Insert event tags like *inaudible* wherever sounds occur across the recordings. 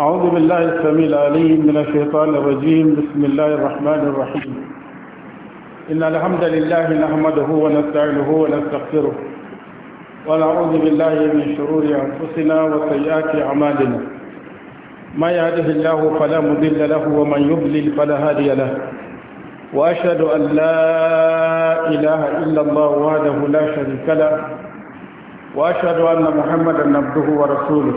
أعوذ بالله السميع العليم من الشيطان الرجيم بسم الله الرحمن الرحيم إن الحمد لله نحمده ونستعينه ونستغفره ونعوذ بالله من شرور أنفسنا وسيئات أعمالنا ما يهده الله فلا مضل له ومن يضلل فلا هادي له وأشهد أن لا إله إلا الله وحده لا شريك له وأشهد أن محمدا عبده ورسوله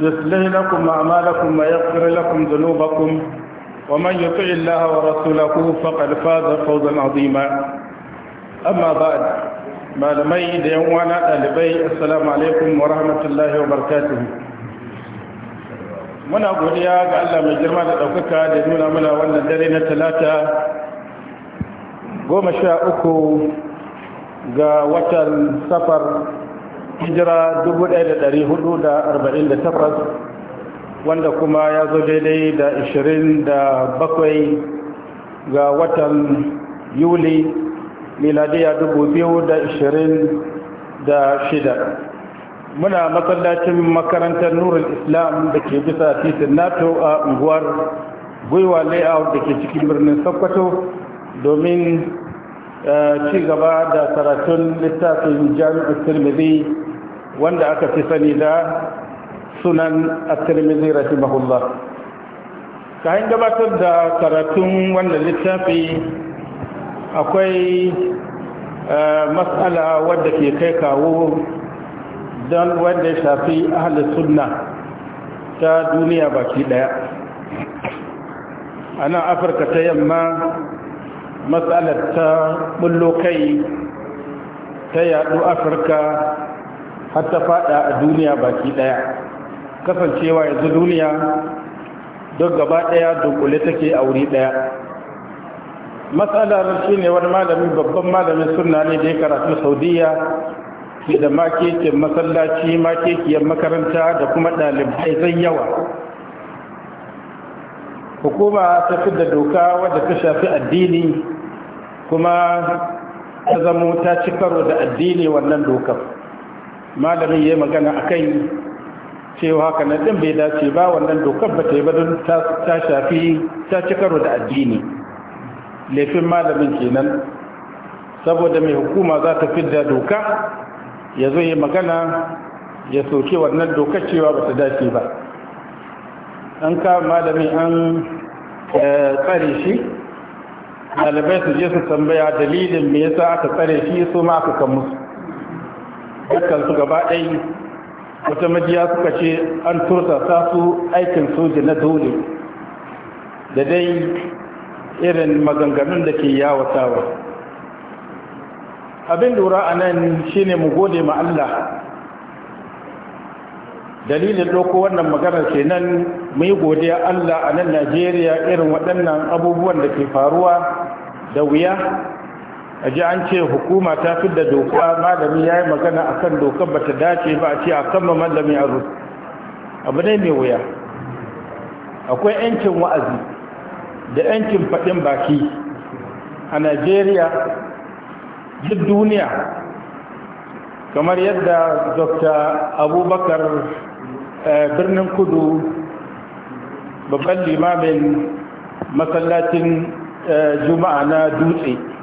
يصلح لكم أعمالكم ويغفر لكم ذنوبكم ومن يطع الله ورسوله فقد فاز فوزا عظيما أما بعد malamai da yan wana ɗalibai assalamu alaikum wa rahmatullahi wa muna godiya ga Allah mai girma da ɗaukaka da nuna mana wannan dare na talata goma sha uku ga watan safar hijira 1448 wanda kuma ya zo daidai da 27 ga watan yuli miladiya 2026 muna masallacin makarantar nurul islam da ke bisa titin nato a unguwar gwiwa layout da ke cikin birnin sokoto domin eh, ci gaba da karatun littafin jami'ar tirmidhi wanda aka fi sani da sunan at-tirmidhi rahimahullah kayan gabatar da karatun wannan littafi akwai eh, matsala wadda ke kai kawo don wanda ya shafi ahalin sunna ta duniya baki daya a nan afirka ta yamma matsalar ta bullo ta yadu afirka har ta fada a duniya baki daya kasancewa yanzu duniya don gaba daya dunkule take a wuri daya matsalar shi ne wani malami babban malamin sunna ne da ya karatu saudiya ke da makekin masallaci makekiyar makaranta da kuma ɗalibai zai yawa hukuma ta fi da doka wadda ta shafi addini kuma ta zamo ta ci karo da addini wannan dokar malamin ya yi magana a kan cewa haka na ɗin bai dace ba wannan dokar ba ta yi ba ta shafi ta ci karo da addini laifin malamin kenan saboda mai hukuma za ta da doka ya zo yi magana ya soke wannan dokar cewa ba ta dace ba an ka malamin an eh, tsare shi ɗalibai su je su tambaya dalilin me yasa aka tsare shi su ma aka kan musu dukkan su gaba ɗaya wata majiya suka ce an tursasa su aikin soja na dole da dai irin maganganun da ke tawa abin lura a nan shi ne mu gode ma Allah dalilin ɗauko wannan maganar nan mu yi godiya Allah a nan Najeriya irin waɗannan abubuwan da ke faruwa da wuya a ji an ce hukuma ta fi da doka malami ya yi magana a kan dokar ba ta dace ba a ce a kan malami a rufe abu ne mai wuya akwai yankin wa'azi da yankin faɗin baki a najeriya duk duniya kamar yadda dr abubakar eh, birnin kudu babban limamin masallacin eh, juma'a na dutse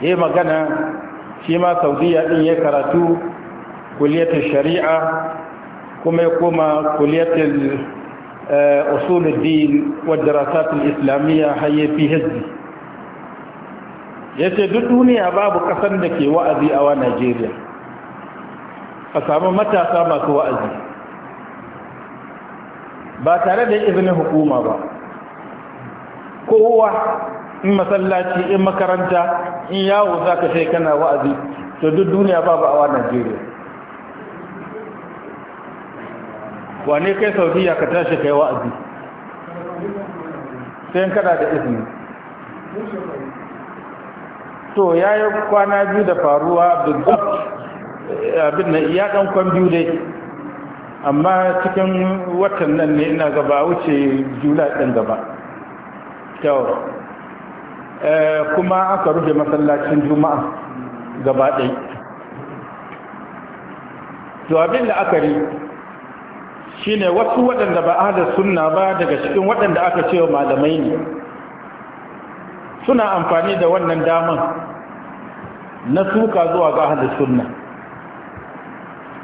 ya magana shi ma saudiya ɗin ya karatu kuliyatar shari'a kuma ya koma kuliyatar eh, usuluddin wadda rasatun islamiyya hayyafi hezbi ya ce duk duniya babu kasar da ke wa'azi a wa najeriya a samu matasa masu wa'azi ba tare da izinin hukuma ba kowa in masallaci in makaranta in yawo za ka sai kana wa'azi to duk duniya babu awa najeriya wane kai saudiya ka tashi kai wa'azi sai in kada da izini to ya yi kwana biyu da faruwa eh, abin na iya dan kwan biyu dai amma cikin watan nan ne ina gaba wuce jula ɗin gaba kyau Eh, kuma aka rufe masallacin juma'a gaba ɗai to abin la'akari shi ne wasu waɗanda ba a sunna ba daga cikin waɗanda aka cewa malamai ne suna amfani da wannan daman na suka zuwa ga a sunna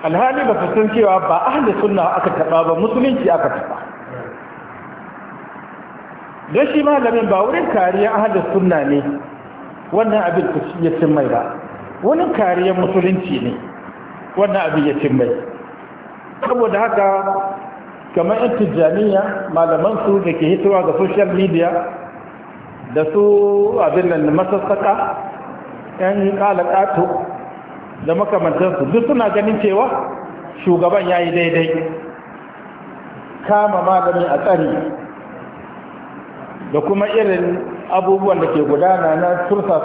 alhali ba su san cewa ba ahada sunna aka taɓa ba musulunci aka taɓa don shi malamin ba wurin kariya ahalar sunna ne wannan abin ku ya cin mai ba wani kariyar musulunci ne wannan abin ya cin mai saboda haka kamar yan tijjaniya malaman su da ke hitowa ga social media da su abin nan masassaka yan kalakato da makamantarsu duk suna ganin cewa shugaban ya yi daidai kama malami a tsari da kuma irin abubuwan da ke gudana na tursa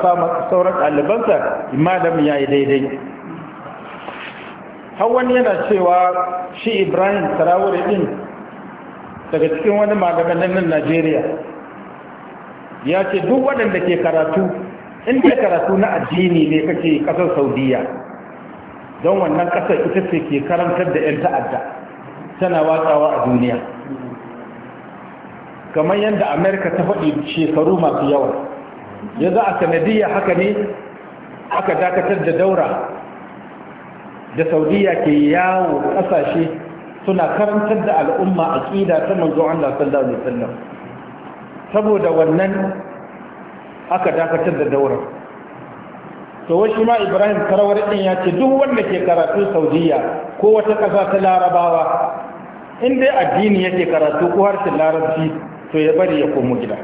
sauran ɗalibansa malamin ya yi daidai hawan yana cewa shi ibrahim tarawuri din daga cikin wani malamin nan najeriya ya ce duk waɗanda ke karatu inda karatu na addini ne kake ƙasar saudiya don wannan ƙasar ita ce ke karantar da 'yan ta'adda tana watsawa a duniya kamar yadda amerika ta faɗi shekaru masu yawa yanzu a sanadiyya haka ne aka dakatar da daura da saudiya ke yawo ƙasashe suna karantar da al'umma a ƙida ta manzo an lasar da wasallam saboda wannan aka dakatar da daura to wasu ma ibrahim karawar ɗin ya ce duk wanda ke karatu saudiya ko wata ƙasa ta larabawa in dai addini yake karatu ko harshen larabci to ya bari ya komo gida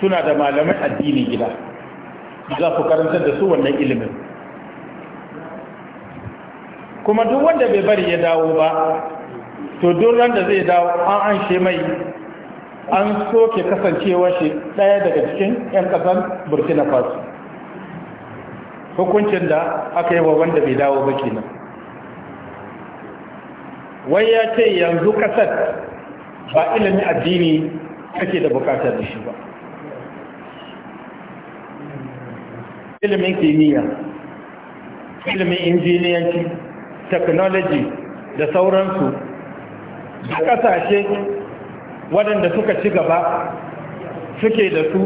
suna da malamai addini gida za ku karanta da su wannan ilimin kuma duk wanda bai bari ya dawo ba to duk wanda zai dawo an anshe mai an soke kasancewa shi ɗaya daga cikin 'yan kasan burkina faso hukuncin da aka yi wa wanda bai dawo ba kenan wai ya ce yanzu kasar ba ilimin addini kake da bukatar da shi ba ilimin kimiyya ilimin injiniyanci technology da sauransu da kasashe waɗanda suka ci gaba suke da su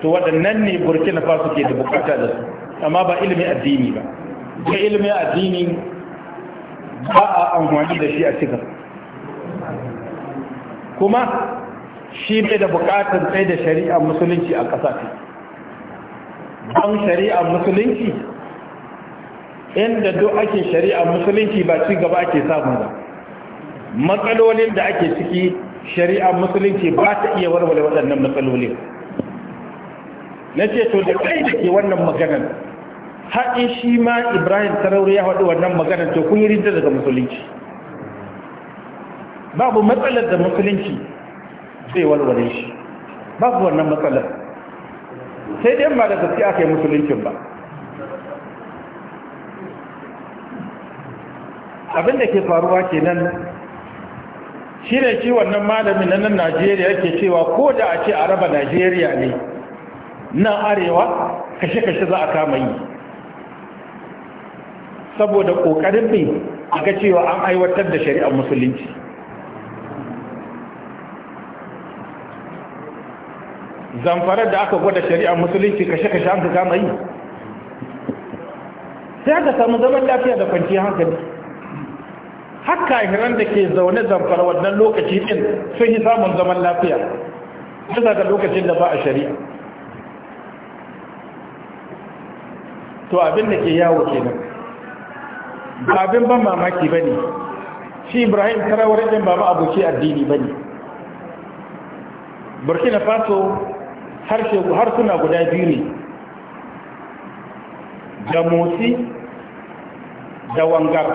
to waɗannan ne burkina faso ke da bukata da su amma ba ilimin addini ba ko ilimin addini ba a amfani da shi a cikin kuma shi bai da bukatun sai da shari'ar musulunci a ƙasa don shari'ar musulunci inda duk ake shari'ar musulunci ba ci gaba ake samu ba matsalolin da ake ciki shari'ar musulunci ba ta iya warware waɗannan matsalolin na ce to da kai da ke wannan maganar haɗin shi ma ibrahim sarauri ya faɗi wannan maganar to kun yi rinta daga musulunci babu matsalar da musulunci zai walwale shi babu wannan matsalar sai dai ba da gaske aka yi musuluncin ba abin da ke faruwa kenan shi ne shi wannan malamin na nan najeriya yake cewa ko da a ce a raba najeriya ne nan arewa kashe-kashe za a kama yi saboda ƙoƙarin bin a ga cewa an aiwatar da shari'ar musulunci zamfarar da aka gwada shari'a musulunci kashe-kashe an ka kama yi sai aka samu zaman lafiya da kwanci hankali haka hiran da ke zaune zamfara wannan lokaci din sun yi samun zaman lafiya bisa ga lokacin da ba a shari'a to abin da ke yawo kenan ba abin ban mamaki ba ne shi ibrahim karawar ɗin ba ma abuci addini ba ne burkina faso Harshe harsuna guda biyu ne da motsi da wangar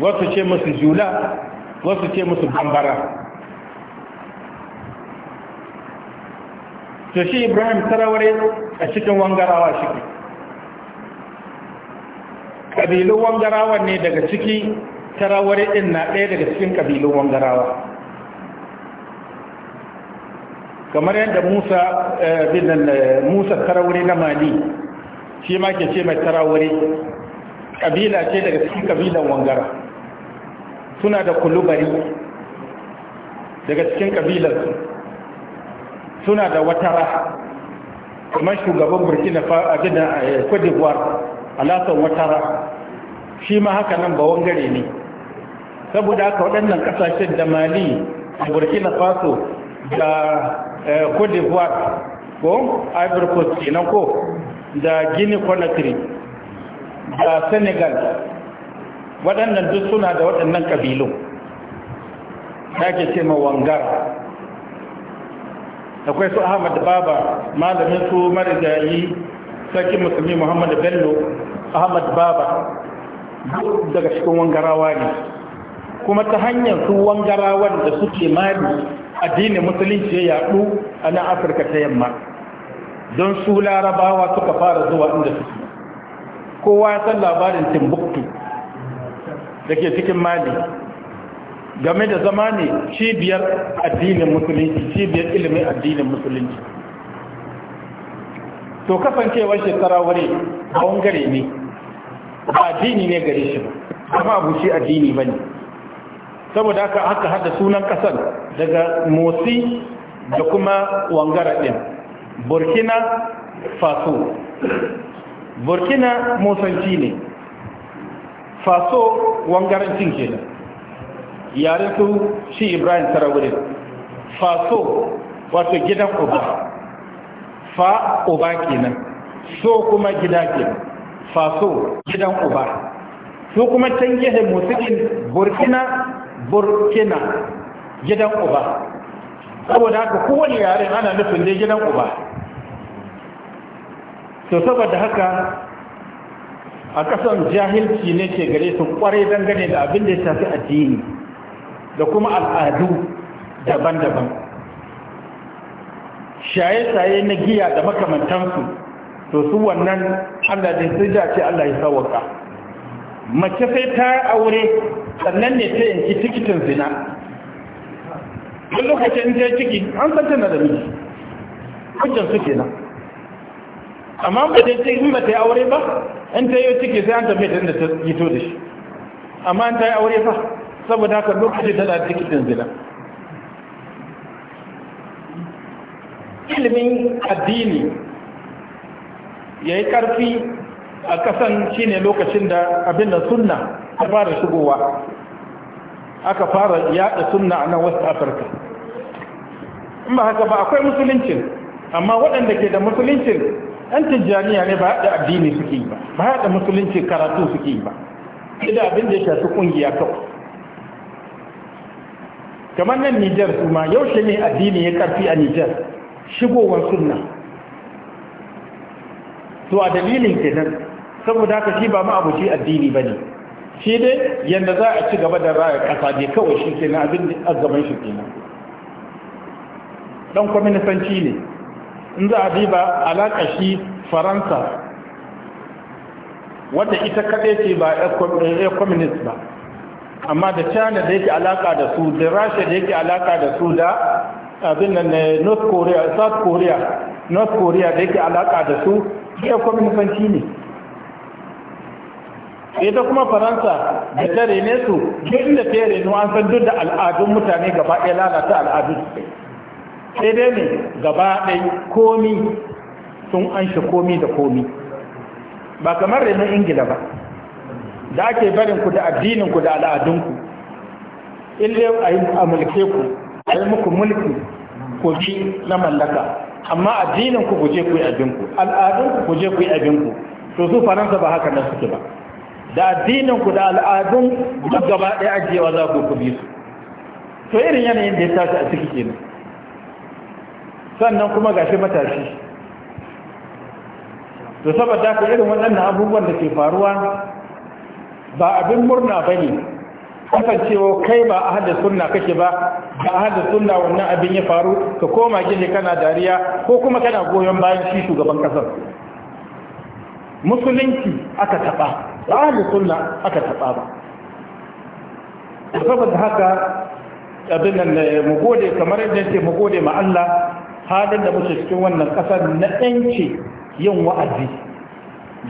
wasu ce musu jula wasu ce musu bambara to shi ibrahim sarawar a cikin wangarawa shi ƙabilun wangarawa ne daga ciki sarawar ɗin na ɗaya daga cikin ƙabilun wangarawa kamar yadda musa eh, binan eh, musa karawuri na mali shi ma ke ce mai karawuri kabila ce daga cikin kabilan wangara suna da kulubari daga cikin kabilarsu suna da watara kamar shugaban burkina abin da kwadibuwar eh, alasan watara shi ma haka nan ba wangare ne saboda haka waɗannan ƙasashen da mali a burkina faso da Eh, côte d'ivoire ko ivory coast kenan ko da guinea conakry da senegal waɗannan duk suna da waɗannan ƙabilun ta ke ce ma wangar akwai su ahmad baba malamin su marigayi sarki musulmi Muhammadu bello ahmad baba duk daga cikin wangarawa ne kuma ta hanyar su wangara da suke mali addinin musulunci ya yaɗu a na afirka ta yamma don su larabawa suka fara zuwa inda suke kowa ya san labarin timbuktu da ke cikin mali game da zama ne cibiyar addinin musulunci cibiyar ilimin addinin musulunci to kasancewar shekara wuri a ne ba addini ne gare shi ba amma abu shi addini ba ne saboda haka aka hada sunan kasar daga motsi da kuma wangara din burkina faso burkina motsanci ne faso wangarancin da yare su shi ibrahim sarawurin faso wato gidan uba fa uba kenan so kuma gida kenan faso gidan uba su kuma can gehe din, burkina burkina gidan uba saboda haka kowane yare ana nufin dai gidan uba to saboda haka a kasan jahilci ne ke gare su kwarai dangane da abin da ya shafi addini da kuma al'adu daban-daban shaye-shaye na giya da makamantansu to su wannan allah da su dace allah ya sawaka mace sai ta aure sannan ne ta yanki tikitin zina duk lokacin ta ciki an san na da miji hujjan su kenan amma ba ta in mata ta yi aure ba in ta yi ciki sai an tafi ta inda ta gito da shi amma an ta yi aure fa saboda haka lokacin tana da tikitin zina ilimin addini ya yi ƙarfi a kasan shi ne lokacin da abin da suna ta fara shigowa aka fara yada suna a nan west africa in ba haka ba akwai musuluncin amma waɗanda ke da musuluncin yan tijjaniya ne ba haɗa addini suke yi ba ba haɗa musuluncin karatu suke yi ba idan abin da ya shafi ƙungiya kawai kamar nan nijar su ma yaushe ne addini ya karfi a nijar shigowar suna. to a dalilin kenan saboda haka shi ba ma abuci addini ba ne shi dai yadda za a ci gaba da raya ƙasa ne kawai shi ke na abin azaman shi kenan dan kwaminisanci ne in za a diba alaƙa shi faransa wadda ita kaɗe ce ba ya kwaminis ba amma da china da yake alaƙa da su da rasha da yake alaƙa da su da abin nan eh, north korea south korea north korea da yake alaƙa da su ya kwaminisanci ne ita kuma faransa da tare ne su duk da tare ne an san duk da al'adun mutane gaba ɗaya lalata al'adun su sai dai ne gaba ɗaya komi sun an shi komi da komi ba kamar renon ingila ba da ake barin ku da addinin ku da al'adun ku ille a mulke ku a yi muku mulki ku ci na mallaka amma addinin ku guje ku yi abinku al'adun ku guje ku yi abinku to su faransa ba haka nan suke ba da addininku da al'adun duk gaba ɗaya ajiyewa za ku bi su to irin yanayin da ya tashi a ciki kenan sannan kuma gashi matashi to saboda ka irin waɗannan abubuwan da ke faruwa ba abin murna ba ne kasancewa kai ba a hada sunna kake ba ba a hada sunna wannan abin ya faru ka koma gini kana dariya ko kuma kana goyon bayan shi shugaban kasar musulunci aka taɓa ba ahalin sunna aka taɓa ba saboda haka abin nan eh, mu gode kamar yadda ce mu gode ma Allah halin da muke cikin wannan ƙasar na ɗanci yin wa'azi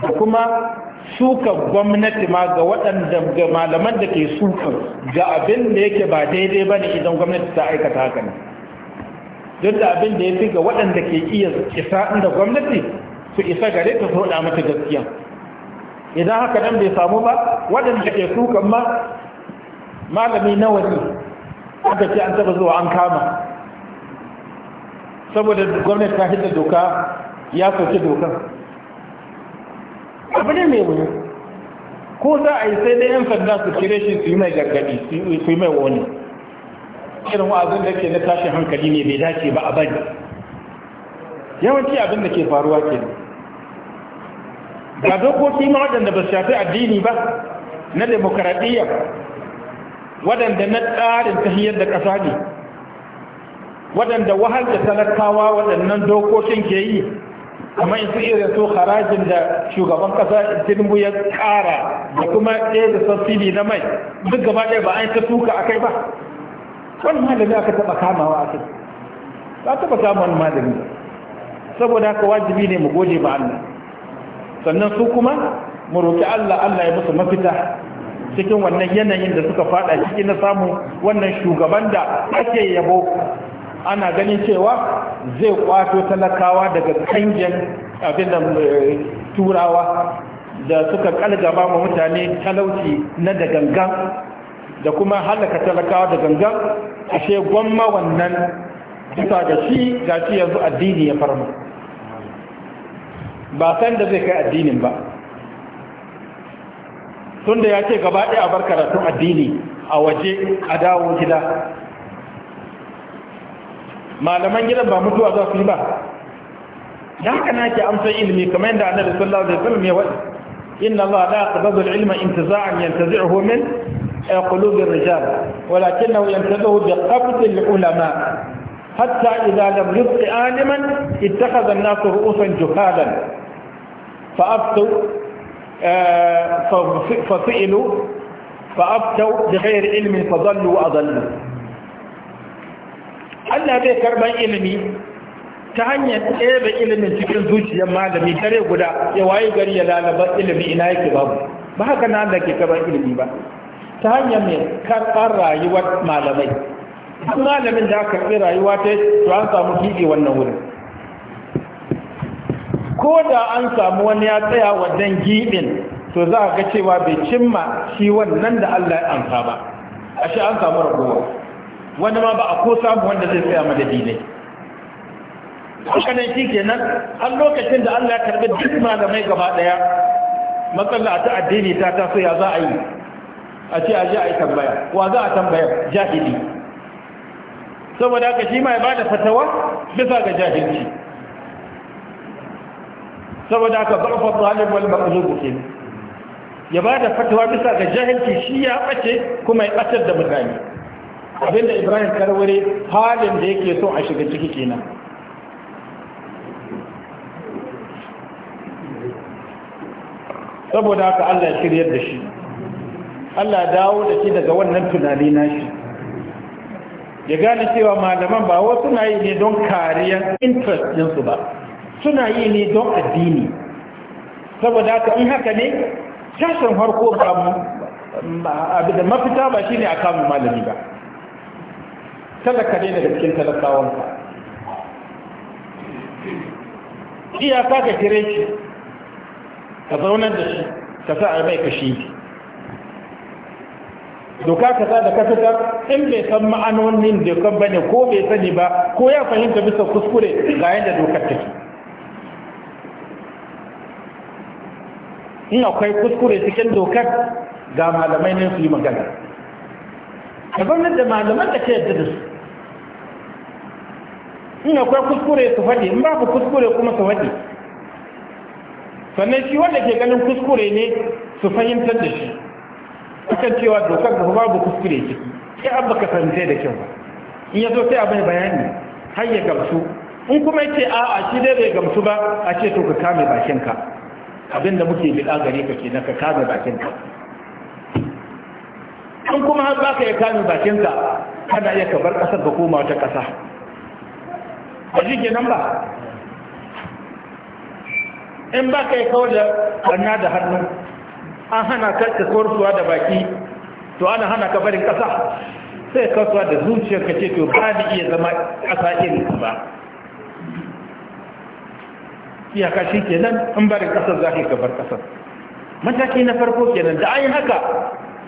da kuma suka gwamnati ma ga waɗanda ga malaman da ke suka ga abin da yake ba daidai ba ne idan gwamnati ta aikata haka ne duk da abin da ya fi ga waɗanda ke iya isa inda gwamnati su isa gare ta da mata gaskiya idan haka nan bai samu ba waɗanda ke sukan ma malami nawa ne aka ce an taba zuwa an kama saboda gwamnati ta hidda doka ya soke dokan abu ne mai wuya ko za a yi sai dai yan sanda su kire shi su yi mai gargadi su yi mai wani irin wa'azin da ke na tashin hankali ne bai dace ba a bari yawanci abin da ke faruwa ke ne ga dokoki ma waɗanda ba shafi addini ba na demokaradiyya waɗanda na tsarin hiyar da ƙasa ne waɗanda wahal da talakawa waɗannan dokokin ke yi kamar su irin su harajin da shugaban ƙasa tinubu ya ƙara da kuma ɗaya da sassili na mai duk gaba ɗaya ba an ta tuka akai ba wani malami aka taɓa kamawa a kai ba taɓa kama wani malami saboda haka wajibi ne mu gode ba Allah sannan su kuma mu roƙi Allah Allah ya musu mafita cikin wannan yanayin da suka faɗa ciki na samu wannan shugaban da ake yabo ana ganin cewa zai kwato talakawa daga kangen abin da eh, turawa da suka kalgaba ma mutane talauci na da gangan da kuma halaka talakawa da gangan ashe gwamma wannan bisa da shi gashi yanzu addini ya farma ba san da zai kai addinin ba tun da ya ce gaba ɗaya a bar karatun addini a waje a dawo gida malaman gidan ba mutuwa za su yi ba da haka na ke amsa ilimi kamar yadda annabi sallallahu alaihi wasallam ya wadi inna allaha la yaqbalu ilma intiza'an yantazi'uhu min eh, qulubi rijal walakinahu yantazi'uhu bi qabdi al-ulama حتى إذا لم يبق عالما اتخذ الناس رؤوسا جهالا فأفتوا آه، ففعلوا فأفتوا بغير علم فضلوا وأضلوا ألا بكر ما علمي تهني أبا علمي سكين زوجي يا مالمي تري غدا يا واي غري لا لا علمي إناي كباب ما هكذا نعلك كباب علمي با تهني من كرقر مالمي duk malamin da aka fi rayuwa ta to an samu fiye wannan wurin ko da an samu wani ya tsaya wa dan giɓin to za a ga cewa bai cimma shi wannan da Allah ya amsa ba a shi an samu rabuwa wanda ma ba a ko samu wanda zai tsaya madadi ne hakanan shi kenan an lokacin da Allah ya karbi duk malamai gaba ɗaya matsala ta addini ta taso ya za a yi a ce a je a yi tambaya wa za a tambaya jahili saboda haka shi ma ya bada fatawa bisa ga jahilci saboda haka zarfa talib wal maqlub kin ya bada fatawa bisa ga jahilci shi ya ɓace kuma ya batar da mutane abinda Ibrahim Karware halin da yake son a shiga ciki kenan saboda haka Allah ya shiryar da shi Allah dawo da shi daga wannan tunani na shi. ya gane cewa malaman ba wasu na yi ne don kariyar interest ɗinsu ba suna yi ne don addini saboda haka in haka ne tashin harko ba mu da mafita ba shine a kamun malami ba talaka ne daga cikin ka iyaka ka kire shi ka zaunar da shi ka sa a mai kashi doka kaza da ka fitar in bai san ma'anonin dokan bane ko bai sani ba ko ya fahimta bisa kuskure ga yadda dokar take in akwai kuskure cikin dokar ga malamai ne su yi magana A gwamnati da malaman da ta yadda da su in akwai kuskure su faɗi in babu kuskure kuma su faɗi sannan shi wanda ke ganin kuskure ne su fahimtar da shi akan cewa dokar da babu kuskure ciki sai an baka fahimtai da kyau in ya zo sai a bai bayani har ya gamsu in kuma yake a a shi dai bai gamsu ba a ce to ka kame bakinka abin da muke bida gare ka ke ka kame bakinka in kuma har baka ya kame bakinka kana iya ka bar kasar ka koma wata kasa ba shi kenan ba in baka ya kawar da barna da hannu an hana ka kasuwarsuwa da baki to ana hana ka barin ƙasa sai kasuwa da zuciyar ka ce to ba ni iya zama ƙasa irin ba iyaka shi ke nan, an barin ƙasar za ka bar ƙasar mataki na farko ke nan da an yi haka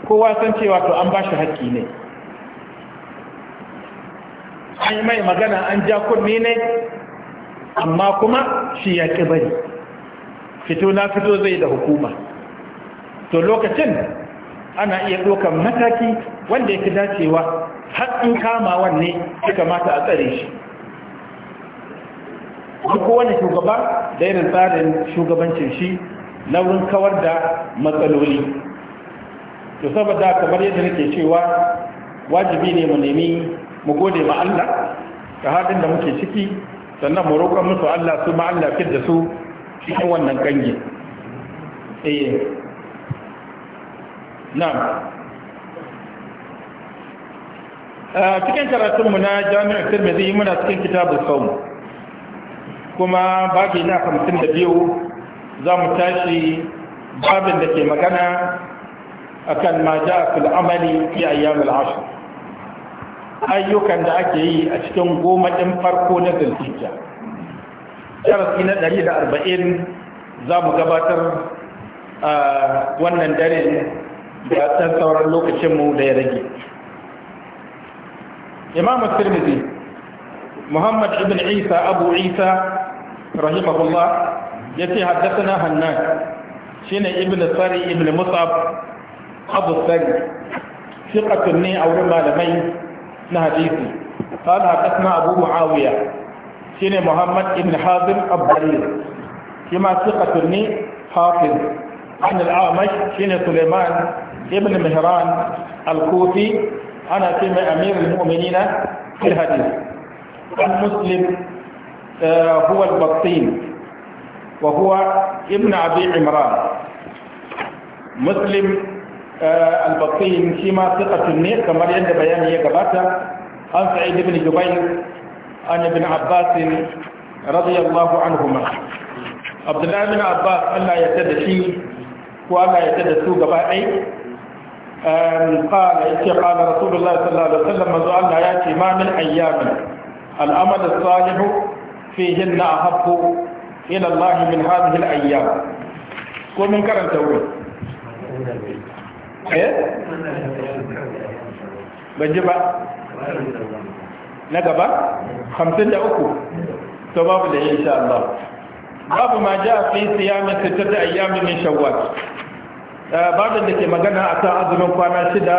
kowa san cewa to an ba shi haƙƙi ne an yi mai magana an ja kunne ne amma kuma shi ya ƙi bari fito na fito zai da hukuma to lokacin ana iya ɗaukan mataki wanda ya fi dacewa haɗin kamawa ne ya kamata a tsare shi wani shugaba da irin tsarin shugabancin shi na wurin kawar da matsaloli to saboda kamar yadda nake cewa wajibi ne mu nemi mu gode ma Allah ta haɗin da muke ciki sannan mu roƙon musu Allah su ma Allah fit da su cikin wannan kange eh na'am cikin karatunmu na jami'ar tirmidhi muna cikin kitabul sawm kuma babi na biyu za mu tashi babin da ke magana akan maja ja fil amali fi ayyamil ashr ayyukan da ake yi a cikin goma din farko na zulhijja darasi na 140 za mu gabatar wannan dare da ɗan sauran lokacinmu da ya rage imam tirmidhi muhammad ibn isa abu isa rahimahullah ya ce haddasa hannan shine ibn sari ibn musab abu sari fiqatun ne a wurin malamai na hadisi قال حدثنا أبو معاوية شين محمد بن حازم الضرير كما ثقة حافظ عن الأعمش شين سليمان ابن مهران الكوفي أنا تم أمير المؤمنين في الحديث المسلم آه، هو البطين وهو ابن أبي عمران مسلم آه، البطين فيما ثقة النير كما عند بيان يقباتا عن سعيد بن جبير عن ابن عباس رضي الله عنهما عبد الله بن عباس ألا يتدشي وألا يتدسو قبائل قال قال رسول الله صلى الله عليه وسلم منذ أن يأتي ما من أيام الأمل الصالح فيهن أحب إلى الله من هذه الأيام ومن كرم تقول إيه بجبا نجبا خمسين أكو تباب إن شاء الله باب ما جاء في صيام ستة أيام من شوال Eh, babu da ke magana a kan azumin kwana shida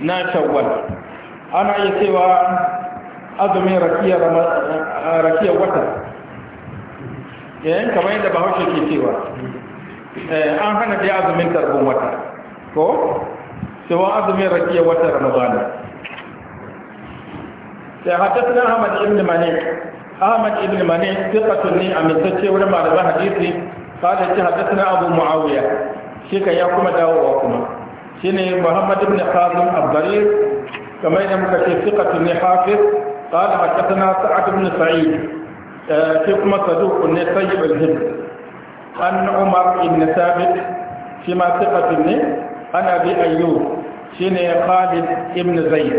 na shawwal ana iya cewa azumin rakiyar eh, wata yayin eh, kamar yadda bahaushe ke cewa an hana dai azumin tarbin wata ko cewa azumin rakiyar wata ramadana sai hatattun ahmad ibn mani ahmad ibn malik thiqatun ne amintacce wurin malaman hadisi kada ce hatattun abu muawiya shi kan ya kuma dawowa kuma shi ne muhammad ibn kazim abdarir kamar da muka ce fiqatu ne hafiz qala hadathana sa'ad ibn sa'id eh, shi kuma saduq ne sayyid al an umar ibn thabit shi ma fiqatu ne ana bi ayyub shi ne khalid ibn zayd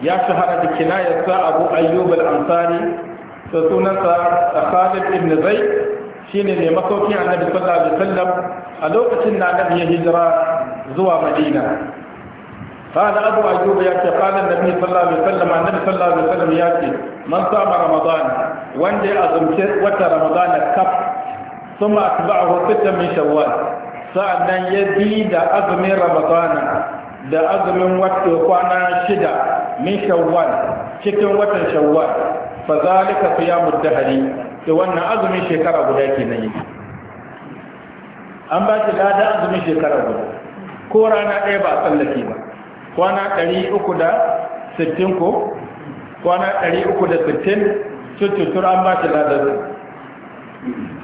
ya shahara da kinayarsa abu ayyub al-ansari da sunansa khalid ibn zayd shine mai masaukin annabi sallallahu alaihi wasallam a lokacin da annabi ya hijira zuwa madina قال أبو أيوب يأتي قال النبي صلى الله عليه وسلم النبي صلى الله عليه وسلم يأتي من صام رمضان وندي أزمت وتر رمضان كف ثم أتبعه ستا من شوال sa'annan ya bi da azumin ramadana da azumin wata kwana shida min shawwal cikin watan shawwal fa zalika siyamud dahri to wannan azumin shekara guda kenan yake an ba shi lada azumin shekara guda ko rana ɗaya ba a tsallake ba kwana 360 ko kwana 360 cututtur an ba shi lada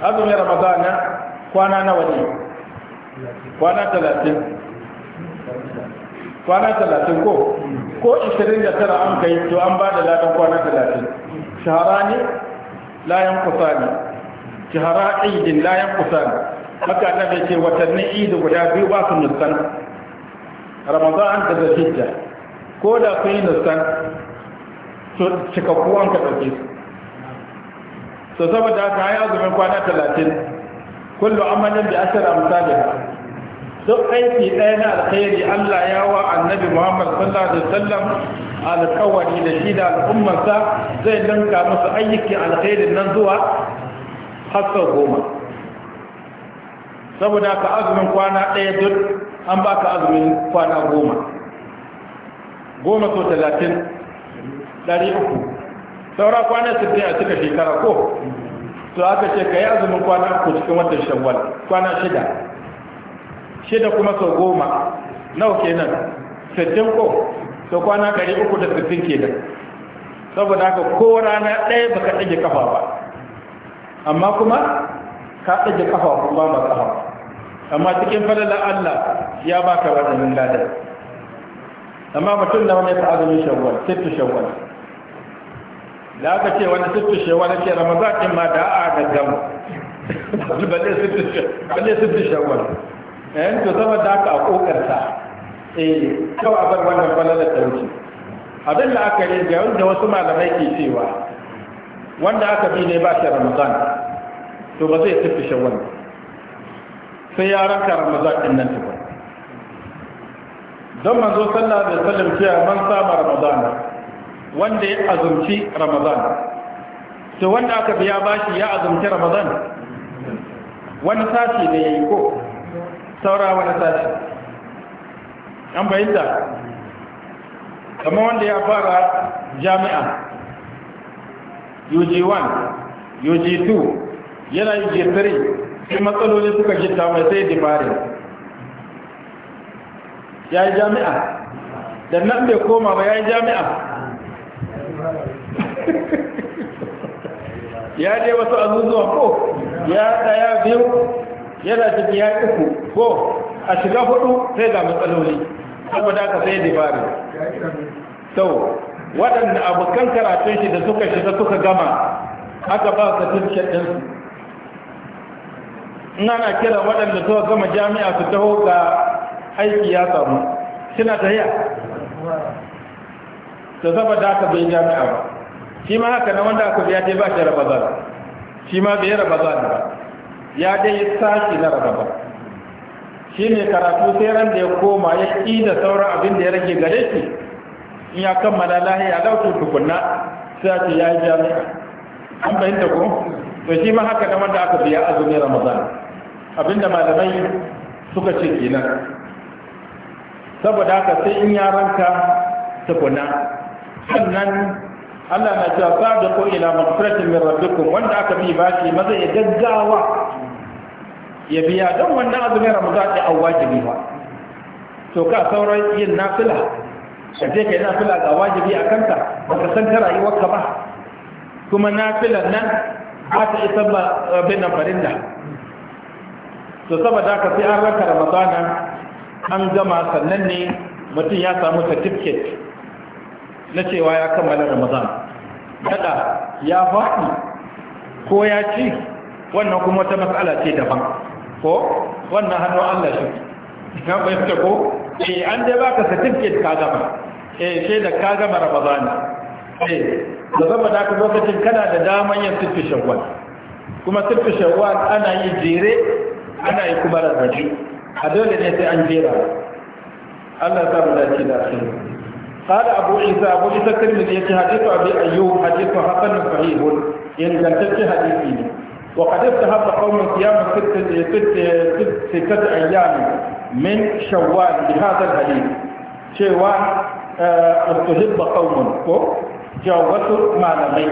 azumin ramadana kwana nawa ne kwana 30 kwana 30 ko ko 29 an kai to an ba da ladan kwana shaharani la yanqusani shahara aidin la yanqusani haka annabi ce watanni idi guda biyu ba su nutsana ramadan da zulhijja ko da sun yi nutsan Su cika an ka dauke su so saboda haka ya azumin kwana talatin kullu amalin bi asar amsalha duk aiki ɗaya na alkhairi Allah ya wa annabi Muhammad sallallahu alaihi wasallam alkawari da shi da al'ummarsa zai danka musu ayyukan alkhairin nan zuwa har sau goma saboda ka azumin kwana ɗaya duk an ba ka azumin kwana goma goma so talatin ɗari uku saura kwana sittin a cika shekara ko to aka ce ka yi azumin kwana uku cikin watan shawwal kwana shida shida kuma sau goma nawa kenan sittin ko sau kwana ɗari uku da sittin kenan saboda haka ko rana ɗaya baka ɗage kafa ba amma kuma ka ɗage kafa kuma ba kafa amma cikin falalar Allah ya ba ka waɗannan ladan amma mutum da wani ta azumin shawwal sittu shawwal da aka ce wani sittu shawwal ce ramazan ɗin ma da a gaggam *laughs* balle sittu shawwal eh to saboda haka a kokarta eh kawai a bar wannan falalar ta wuce abin da aka yi ga wanda wasu malamai ke cewa wanda aka bi ne ba shi ramadan to ba zai tafi wannan sai ya ranka ramadan din nan tukun don manzo sallallahu alaihi wasallam cewa man sama ramadan wanda ya azumci ramadan to wanda aka biya bashi ya azumci ramadan wani sashi ne yi ko saura wani sashi an bayyanta kama wanda ya fara jami'a uj 1 uj 2 yana UG3 sai matsaloli suka jita mai sai dibari ya yi jami'a da nan bai koma ba ya yi jami'a *laughs* ya je wasu azuzuwa ko ya daya biyu yana jin ya uku ko a shiga hudu sai ga matsaloli saboda aka sai dibari sau waɗanda abokan karatun shi da suka shiga suka gama aka ba su certificate ɗinsu ina na kira waɗanda suka gama jami'a su taho ga aiki ya samu suna tahiya da saboda aka bai jami'a ba shi ma haka na wanda aka biya ta ba shi raba zara shi ma bai raba zara ba ya dai sashi na raba shi ne karatu sai ran da ya koma ya ƙi da sauran abin da ya rage gare shi in ya kammala lahi a lautu tukunna sai ce ya yi jami'a an fahimta ko to shi ma haka da wanda aka biya azumin ramadan abinda malamai suka ce kenan saboda haka sai in ya ranka tukuna sannan Allah na cewa ko ila maghfiratin min rabbikum wanda aka bi bashi maza ya gaggawa ya biya don wannan azumin ramadan ya wajibi ba to ka sauran yin nafila ka je ka yi nafila ga wajibi a kanta ba ka san ta rayuwarka ba kuma nafilan nan ba ta isa ba bin nan farinda to saboda ka fi an raka ramadan an gama sannan ne mutum ya samu certificate na cewa ya kammala ramadan kada ya faɗi ko ya ci wannan kuma wata matsala ce daban ko wannan hannu Allah shi kan fita ko eh an dai baka certificate ka gama eh sai da ka gama ramadan eh da zama da ka lokacin kana da daman yin sirfi shawwal kuma sirfi shawwal ana yi jere ana yi kuma rarrabe a dole ne sai an jera Allah ta bada shi da shi قال أبو عيسى أبو عيسى الترمذي يتحدث أبي أيوب حديث حسن صحيح إن تلك حديثي وقد ابتهت قوم صيام ست ست ست ايام من شوال بهذا الحديث شيء واحد ارتهب آه، قوم جاوبته ما لغي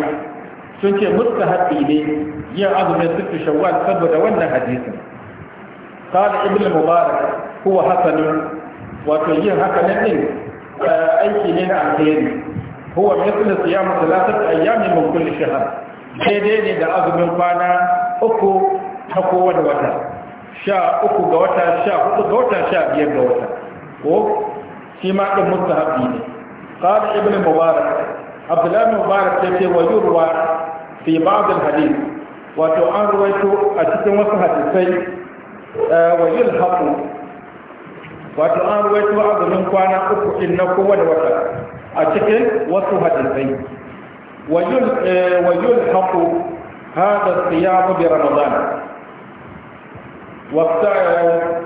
سنك مستهد بيدي يا عظم ست شوال سبب ولا حديث قال ابن المبارك هو حسن وتوجيه حسن من آه، اي شيء من هو مثل صيام ثلاثه ايام من كل شهر daidai ne da azumin kwana uku ta kowane wata sha uku ga wata sha hudu ga wata sha biyar ga wata ko shi ma ɗin mustahabi ne قال ابن مبارك عبد ta ce wa ويروى fi بعض الحديث wato an ruwaito a cikin wasu hadisai eh, wa yin haɗu. wato an ruwaito azumin kwana uku in na kowane wata a cikin wasu hadisai ويلحق هذا الصيام برمضان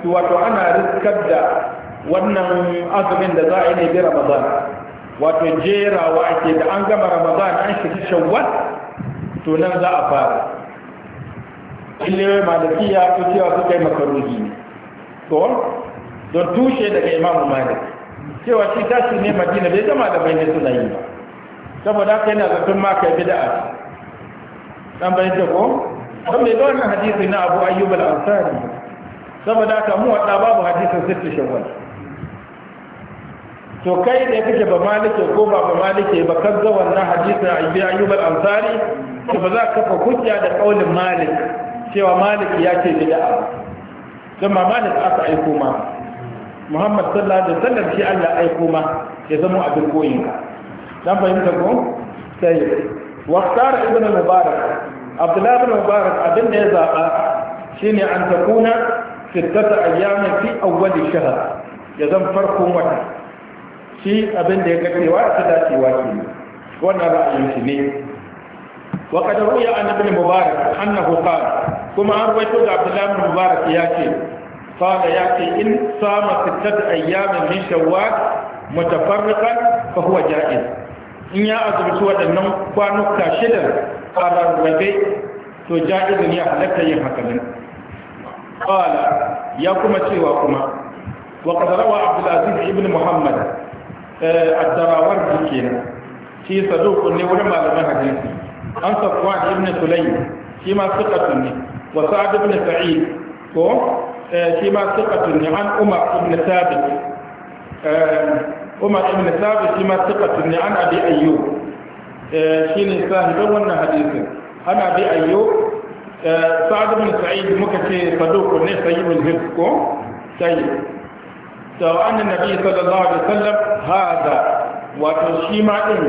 wato ana riskar da wannan azumin da za a yi ne bi ramadan wato wa ake da an gama ramadan an shiga shawwal to nan za a fara illewai malakiya su cewa su kai makaruhi ne to don tushe daga imamu malik cewa shi tashi ne madina bai zama da bai ne suna yi ba saboda haka yana zaton ma kai bid'a dan bai da ko don me ga wannan hadisi na Abu Ayyub al-Ansari saboda haka mu wadda babu hadisin sittu shawwal to kai da kake ba malike ko ba ba malike ba ka ga wannan hadisin Abu Ayyub al-Ansari to ba za ka kafa hujja da kaulin Malik cewa Malik ya ce bid'a don ma Malik aka aiko ma Muhammad sallallahu alaihi wasallam shi Allah aiko ma ya zama abin koyinka دام طيب. واختار ابن المبارك عبد الله بن المبارك ابن نزاع شيني ان تكون ستة ايام في اول الشهر يزم فرق وقت شي ابن ديك في وقت ذاتي واكي وانا رأي سنين وقد روي عن ابن المبارك انه قال كما أرويت عبد الله بن المبارك ياتي قال ياتي ان صام ستة ايام من شوال متفرقا فهو جائز in ya azurci waɗannan kwanuka shidan ƙararrabe to izini ya halatta yin hakanin ƙwala ya kuma cewa kuma wa ƙasarawa abdulaziz ibn muhammad eh, addarawar jike na shi sadu ne wurin malamin hadisi an safuwa da ibn sulayi shi ma suka ne wa sa'ad ibn sa'id ko eh, shi ma suka ne an umar ibn sabit eh, umar ibn sabit shi ma thiqatun ne an abi ayyub shine sahibin wannan hadisin an abi ayyub sa'ad ibn sa'id muka ce saduq ne sayyidul hifz ko sayyid to anna nabi sallallahu alaihi wasallam hada wato shi ma din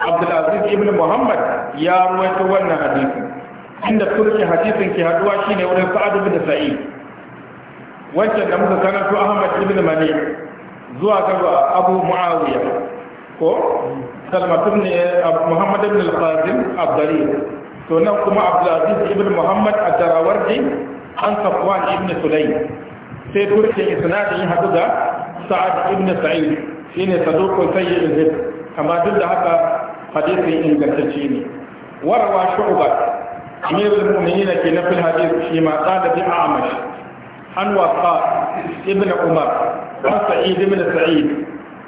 abdulaziz ibn muhammad ya ruwaito wannan hadisin inda turki hadisin ke haduwa shine wurin sa'ad ibn sa'id wancan da muka karanto ahmad ibn malik zuwa gaba abu muawiya ko salmatun ne muhammad ibn al-qasim abdari to nan kuma abdulaziz ibn muhammad ad-darawardi an safwan ibn Sulai? sai turkin isnadin ya hadu sa'ad ibn sa'id shine saduqun sayyi'ul hib amma duk da haka hadisi ingantacce ne warawa shu'bat amir al-mu'minin ke na fil hadith shi ma qala bi amash an waqa ibn umar ba sa'id ibn sa'id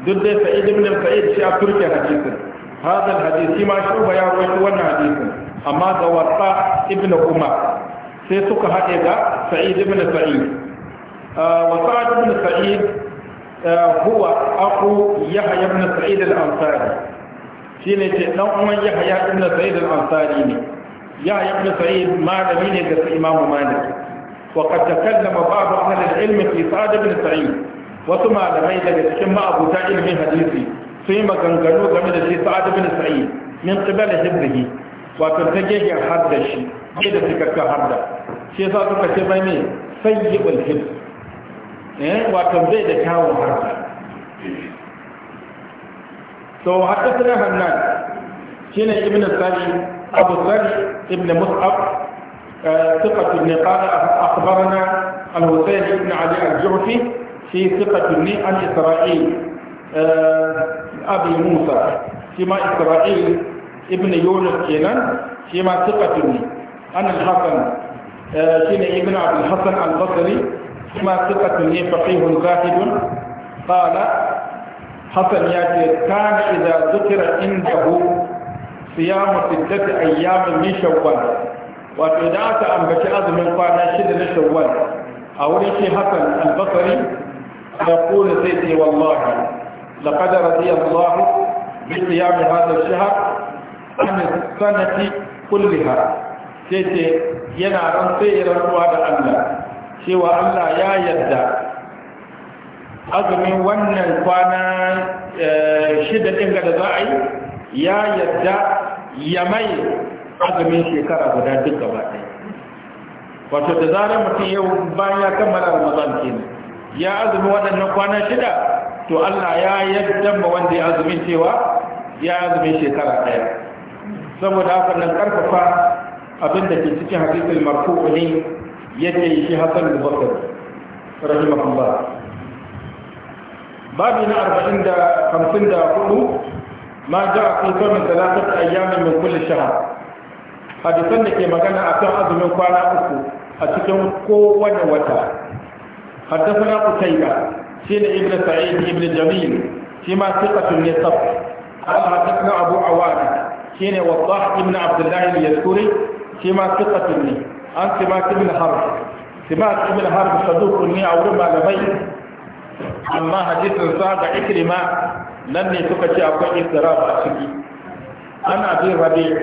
duk dai sa'id ibn sa'id shi a turke hadisin hadal hadisi ma shi ba ya rawaito wannan hadisin amma da wasa ibn umar sai suka haɗe ga sa'id ibn sa'id uh, wa sa'id ibn sa'id uh, huwa aku yahya ibn sa'id al-ansari shine ce dan uwan yahya ibn ne yahya sa'id malami ne ga imam malik وقد تكلم بعض أهل العلم في سعد بن سعيد wasu malamai daga cikin ma'abuta ilimin hadisi sun yi maganganu game da shi sa'ad bin sa'id min qibala hibbihi wato ta gegen hadda shi ne da cikakken hadda shi yasa suka ce mai ne sayyibul hib eh wato bai da kyawun hadda to haddathana hannan shine ibnu sari abu sari ibnu mus'ab ثقة بن قال أخبرنا الحسين بن علي الجعفي في ثقة لي عن إسرائيل آه، أبي موسى فيما إسرائيل ابن يونس كينان فيما ثقة لي عن الحسن كين آه، ابن عبد الحسن البصري فيما ثقة لي فقيه زاهد قال حسن ياتي كان إذا ذكر عنده صيام ستة أيام من شوال وإذا أتى أنبت من قال شد لشوال أولي شي حسن البصري فيقول زيدي والله لقد رضي الله بقيام هذا الشهر عن السنة كلها سيتي ينا رنسي رنسوا هذا الله شوى الله يا يدى أزمي وانا كوانا آه، شدة إنك دزائي يا يدى يمي أزمي شكرا بدا دكا باتي wato da zarar mutum yau bayan ya kammala ya azumi waɗannan kwana shida to Allah ya yadda ma wanda ya azumi cewa ya azumi shekara ɗaya saboda haka nan karfafa abin da ke cikin hadisul marfu'u ne yake shi Hassan al-Basri rahimahullah babu na 40 da da hudu ma ja'a fi sawmi thalathat ayyamin min kulli shahr hadisan da ke magana akan azumin kwana uku a cikin kowane wata حدثنا قتيبة سين ابن سعيد ابن جميل فيما ثقة النصف قال حدثنا أبو عوانة سين وضاح ابن عبد الله اليسكري فيما ثقة لي عن سماك بن حرب سماك بن حرب صدوق لي أو ربما لبي أما حديث صاحب عكرمة لن يتكتي أبو إضطراب أشكي أنا أبي ربيع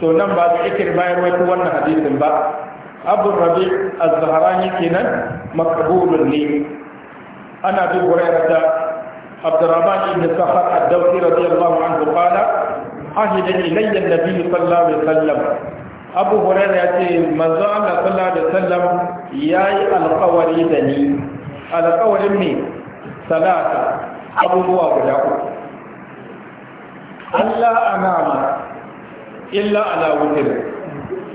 سو نمبر عكرمة يروي wannan hadisin ba abu rabi az-zahrani kenan maqbulun ne ana bi hurairata عبد الرحمن بن سخر الدوسي رضي الله عنه قال عهد الي النبي صلى الله عليه وسلم abu hurairah ya ce manzo Allah sallallahu alaihi wasallam yayi alƙawari da ni alƙawarin ne salata abubuwa guda uku Allah anama illa ala wutr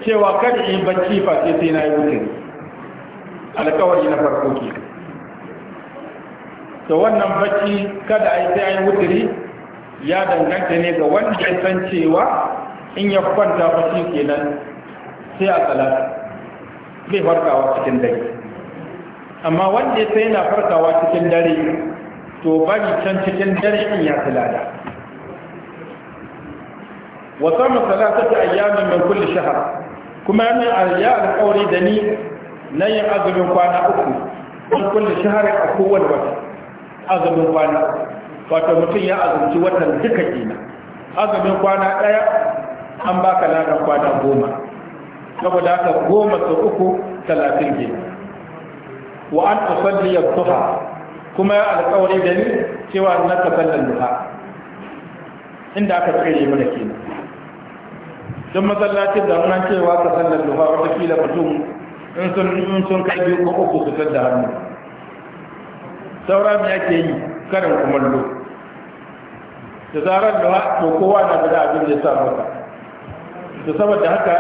cewa kada in bacci fa sai sai na yi wuce alkawari na farko ke to wannan bacci kada ai sai an wuturi ya danganta ne ga wanda ya san cewa in ya kwanta bacci kenan sai a salatu zai farkawa cikin dare amma wanda ya sai yana farkawa cikin dare to bari can cikin dare in ya salata وصام ثلاثة ayyamin mai kulle شهر kuma yana ya alƙawari da ni na yin azumin kwana uku don kulle shaharar a kowane wata azumin kwana uku wato mutum ya azumci watan duka gina, azumin kwana ɗaya an baka ladan kwana goma saboda haka goma sau uku talatin kenan wa an ya duha kuma ya alƙawari da ni cewa na ta sallan duha inda aka tsere mana kenan don masallacin da an cewa ka sallar duha wata kila mutum in sun in sun kai biyu ko uku su sadda hannu saura me yake yi karin kumallo da zarar da ko kowa na da abin da ya sa maka to saboda haka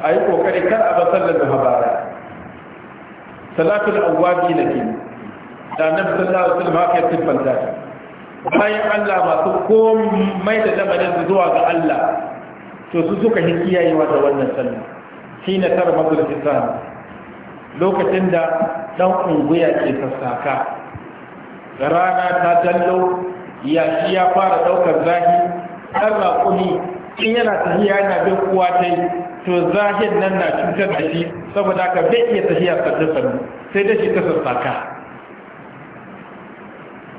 a yi kokari kar a ba sallar duha bara salatul awwabi na ke da annabi sallallahu alaihi wasallam haka ya tibbanta bayan Allah masu komai da lamarin zuwa ga Allah to su suka yi kiyayewa da wannan sallah shi na tara mazurfisa lokacin da ɗan unguya ke sassaka rana ta dallo ya shi ya fara ɗaukar zahi ɗan raƙuni in yana tafiya yana bin kuwa ta yi to zahin nan na cutar da shi saboda ka bai iya tafiya sannu sannu sai da shi ta sassaka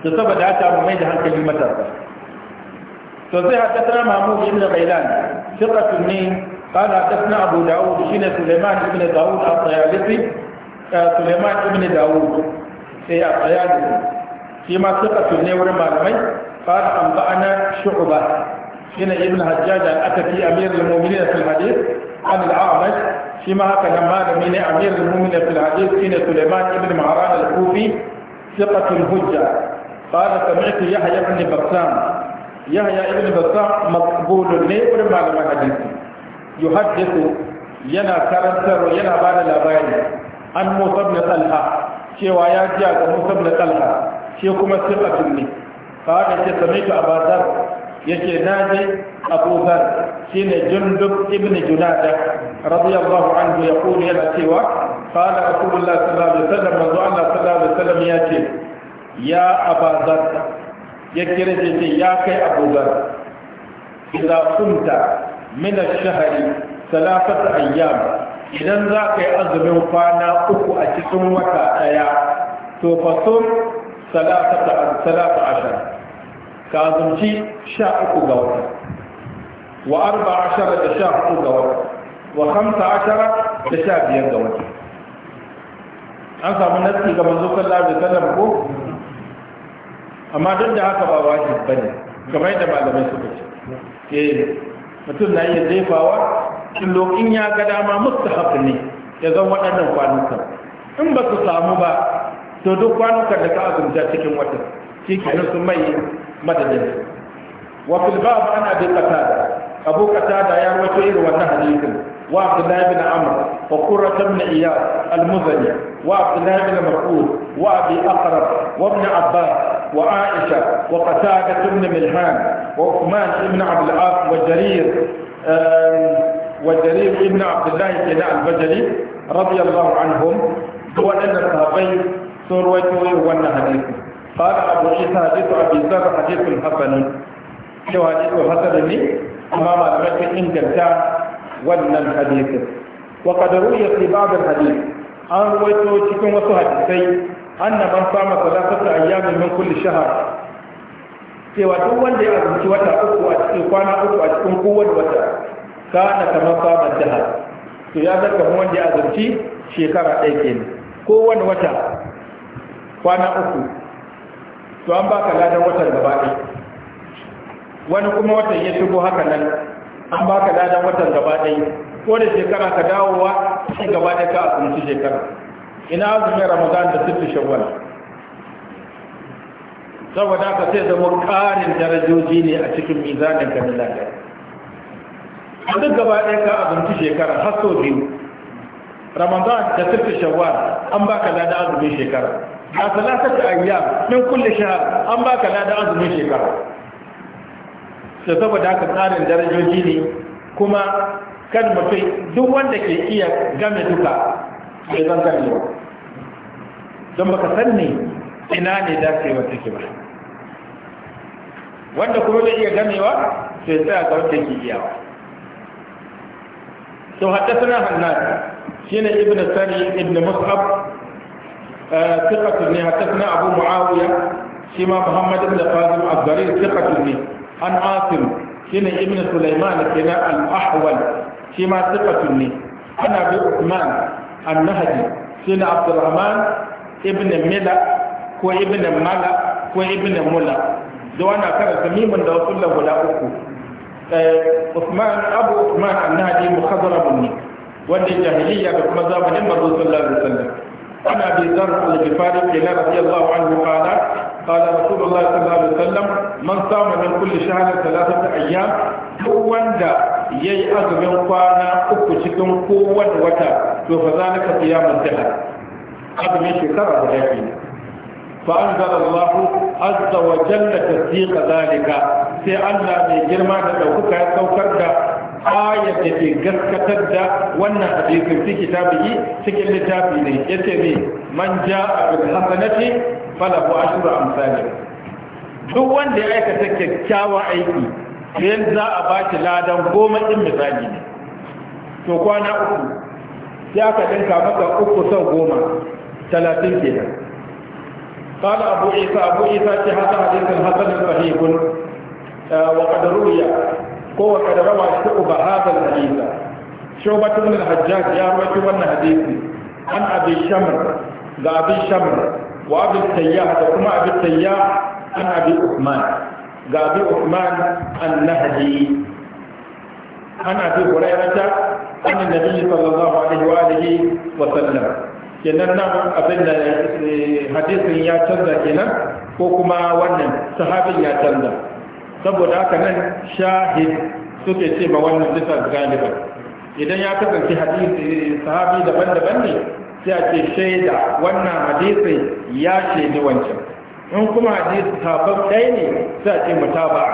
to saboda haka mai da hankali matasa فزي حدثنا محمود بن غيلان ثقة مين قال حدثنا أبو داود شين سليمان بن داود الطيالسي آه، سليمان بن داود في الطيالسي فيما ثقة مني ورمى المي قال أنبأنا شعبة شين ابن حجاج الأتكي أمير المؤمنين في الحديث عن الأعمش فيما هكذا ما من أمير المؤمنين في الحديث شين سليمان بن معران الكوفي ثقة الهجة قال سمعت يحيى بن بقسام yahya ibn basa maqbulun ne wurin malaman hadisi yuhaddithu yana karantar yana ba da labari an musa ibn talha cewa ya ji ga musa ibn talha shi kuma sirratun ne fa da ke sami ta abazar yake naji abu zar shine jundub ibn junada radiyallahu anhu yaqulu yana cewa qala rasulullah sallallahu alaihi wasallam manzo Allah sallallahu alaihi wasallam yace ya abazar ya kira ce ya kai abubuwar idza kunta min ash-shahri thalathata ayyam idan za ka yi azumin kwana uku a cikin wata daya to fa sun salatata salata ashar ka azumci sha uku ga wata wa arba ashara da sha uku ga wata wa hamsa ashara da sha biyar ga wata an samu nasi ga manzo sallallahu da wasallam ko amma duk da haka ba wajib ba ne kamar yadda malamai suka ce eh mutum na iya jefawa in lokin ya ga dama mustahab ne ya zan waɗannan kwanukan in ba su samu ba to duk kwanukan da ka azumta cikin watan shi kenan sun mai madadin wa fil bab ana abi qatada abu qatada ya wato irin wannan hadisin wa abdullah ibn amr wa qurrat ibn iyad al-muzani wa abdullah ibn mas'ud wa abi aqrab wa ibn abbas وعائشة وقتادة بن ملحان وعثمان بن عبد العاص وجرير وجرير بن عبد الله بن البجلي رضي الله عنهم هو أن الصحابي سرويته وأن حديثه قال أبو عيسى حديث أبي ذر حديث حسن شو حديث حسن لي أمام المسجد إن جلتا وأن الحديث وقد روي في بعض الحديث أن رويته تكون وصحة an na man fama salatata ayyamin min kulli shahar cewa duk wanda ya azumci wata uku a cikin kwana uku a cikin kowane wata kana kamar fama jihar to ya zaka kamar wanda ya azumci shekara ɗaya kenan kowane wata kwana uku to an baka ladan watan gaba ɗaya wani kuma watan ya shigo haka nan an baka ladan watan gaba ɗaya ko da shekara ka dawowa shi gaba ɗaya ka azumci shekara ina azumin ramadan da sittu shawwal saboda ka sai zama ƙarin darajoji ne a cikin mizanin ka na lafiya a duk gaba ɗaya ka azumci shekara har sau biyu ramadan da sittu shawwal an baka lada azumin shekara a salatata ayya min kulli shahar an baka lada azumin shekara Sai saboda haka tsarin darajoji ne kuma kan mutum duk wanda ke iya game duka bai zan gane ba don baka san ne ina ne dacewa take ba wanda kuma zai iya ganewa sai tsaya ga wanda ke iyawa to haddasa shi ne ibn sani ibn mus'ab ثقة لي حدثنا أبو معاوية شما محمد بن قاسم الضرير ثقة لي عن عاصم شين ابن سليمان كنا الأحول شما ثقة لي عن أبي عثمان annahadi shi ne abdurrahman ibn mila ko ibn mala ko ibn mula da wannan karanta mimin da wasu guda uku Usman Abu Usman annahadi mukhazaramun ne wanda jahiliya da kuma zamanin manzo sallallahu alaihi wasallam ana bi zar al-gifari kila radiyallahu anhu qala قال رسول الله صلى الله عليه sama من صام من كل شهر ثلاثة أيام هو وندا yayi azumin kwana uku cikin kowane wata to fa za ka siya mantala azumin shekara da yafi fa an zara Allah azza wa jalla tasdiqa zalika sai Allah mai girma da ɗaukaka ya saukar da aya da ke gaskatar da wannan hadisin fi kitabihi cikin littafi ne yace ne man ja'a bil hasanati falahu ashru amsalih duk wanda ya aikata kyakkyawan aiki yin za a ba ki ladan goma ɗin misali ne to kwana uku sai aka ɗinka maka uku sau goma talatin ke nan kala abu isa abu isa ce hasa hadisin hasanin sahihun eh, wa kadaruya ko wa kadarawa shi uba hasan hadisa shobatun min hajjaj ya rawaito wannan hadisi an abin shamr ga abin shamr wa abi tayyah da kuma abin tayyah an abin usman ga abi Uthman Al nahdi ana fi Hurairata annan Nabi sallallahu alaihi wa alihi wa sallam kenan nan abin da eh, hadisin ya canza kenan ko kuma wannan sahabin ya canza saboda haka nan shahid suke ce ma wannan bisa galiba idan ya kasance hadisi sahabi daban-daban ne sai a ce shaida wannan hadisi ya ce ni wancan in kuma hadisi tabar ɗaya ne sa ce mutaba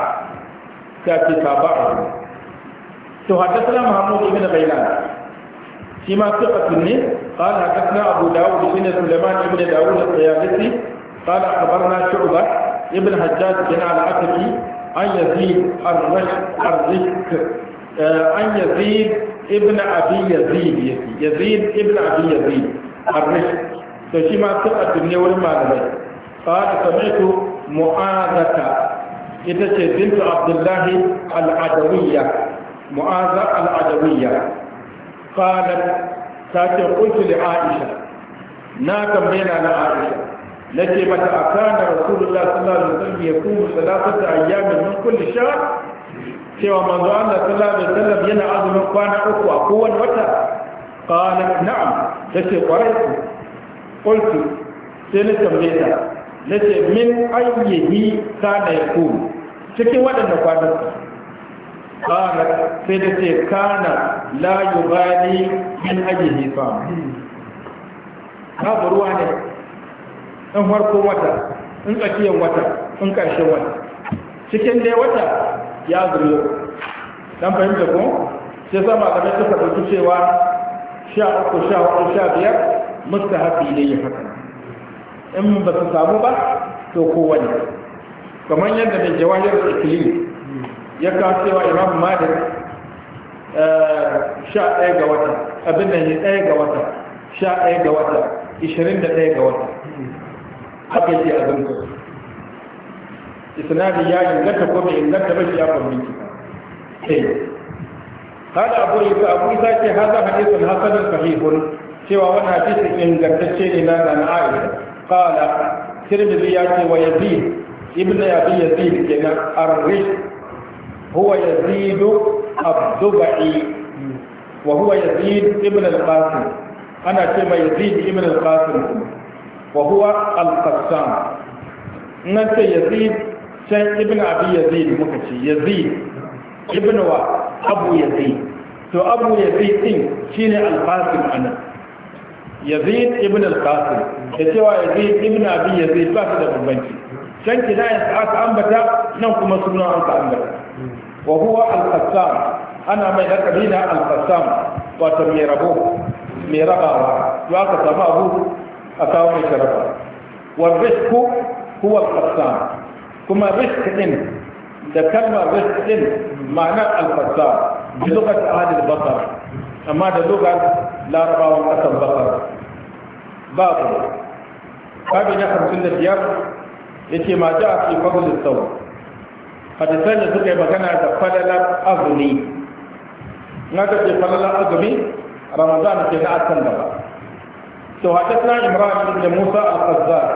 sa ce tabar a ne to haddasa muhammadu ibn bayan shi ma su fatun ne ƙala haddasa abu dawud ibn suleiman ibn dawud da tsayarisi ƙala kabar na shu'ubar ibn hajjaz bin al'akari an Al-nash, yazi arzik an yazi ibn abi yazid yazid ibn abi yazid arzik to shi ma su fatun ne wani malamai قال سمعت معاذة ita ce bintu abdullahi al'adawiyya mu'aza al'adawiyya falar ta ce kuntu aisha na tambayna na aisha na ce mata a kana rasulullah sallallahu alaihi wasallam ya kuma salatata ayyamin min kulli shahr cewa manzo Allah sallallahu alaihi wasallam yana azumin kwana uku a kowane wata qalat na'am tace kwarai sai na tambaye Na ce min da kana yakun cikin waɗanda kwanaki kana sai da ce kana la yubali min ayyihi fa babu ruwa ne in farko wata in tsakiyar wata in ƙarshe wata cikin dai wata ya zuyo dan fahimta ko sai sama ga da suka cewa sha uku sha uku, sha biyar mustahabi ne ya haka in ba su samu ba to kowane kamar yadda mai jawahir ikilin ya kawo cewa imam malik eh, sha ɗaya ga wata abin da ne ɗaya ga wata sha ɗaya ga wata ishirin da ɗaya ga wata haka ce a zanko? isnadi ya inganta ko bai inganta ba shi ya fahimci eh. hada abu isa abu isa ce haza hadisun hasanun sahihun cewa wani hadisi ingantacce ne na na aisha Kala tirmidhi ya ce wa yazid ibnu abi yazid kenan ar-rish huwa yazid abdubai wa huwa yazid ibn al-qasim ana ce mai yazid ibn al-qasim wa huwa al-qassam nan ce yazid can ibn abi yazid muka ce yazid ibn wa abu yazid to abu yazid din shine al-qasim anan yazid ibn al-qasim da cewa yazid ibn abi yazid ba su da bambanci can kinayen sa aka ambata nan kuma suna an ka ambata wa huwa al-qassam ana mai lakabi da al-qassam wato mai rabo mai rabawa to aka samu abu a kawo mai sharafa wa risku huwa al-qassam kuma risk din da kalmar risk din ma'ana al-qassam bi lugat ahli al-basar amma da lugat larabawan ƙasar bakar babu babu na hamsin da biyar ya ce ma ji a fi fagulin sau hadisan da suka yi magana da falalar azumi na ka ce falalar azumi ramadan ke na asan gaba to a hadisna imran da musa a qazzar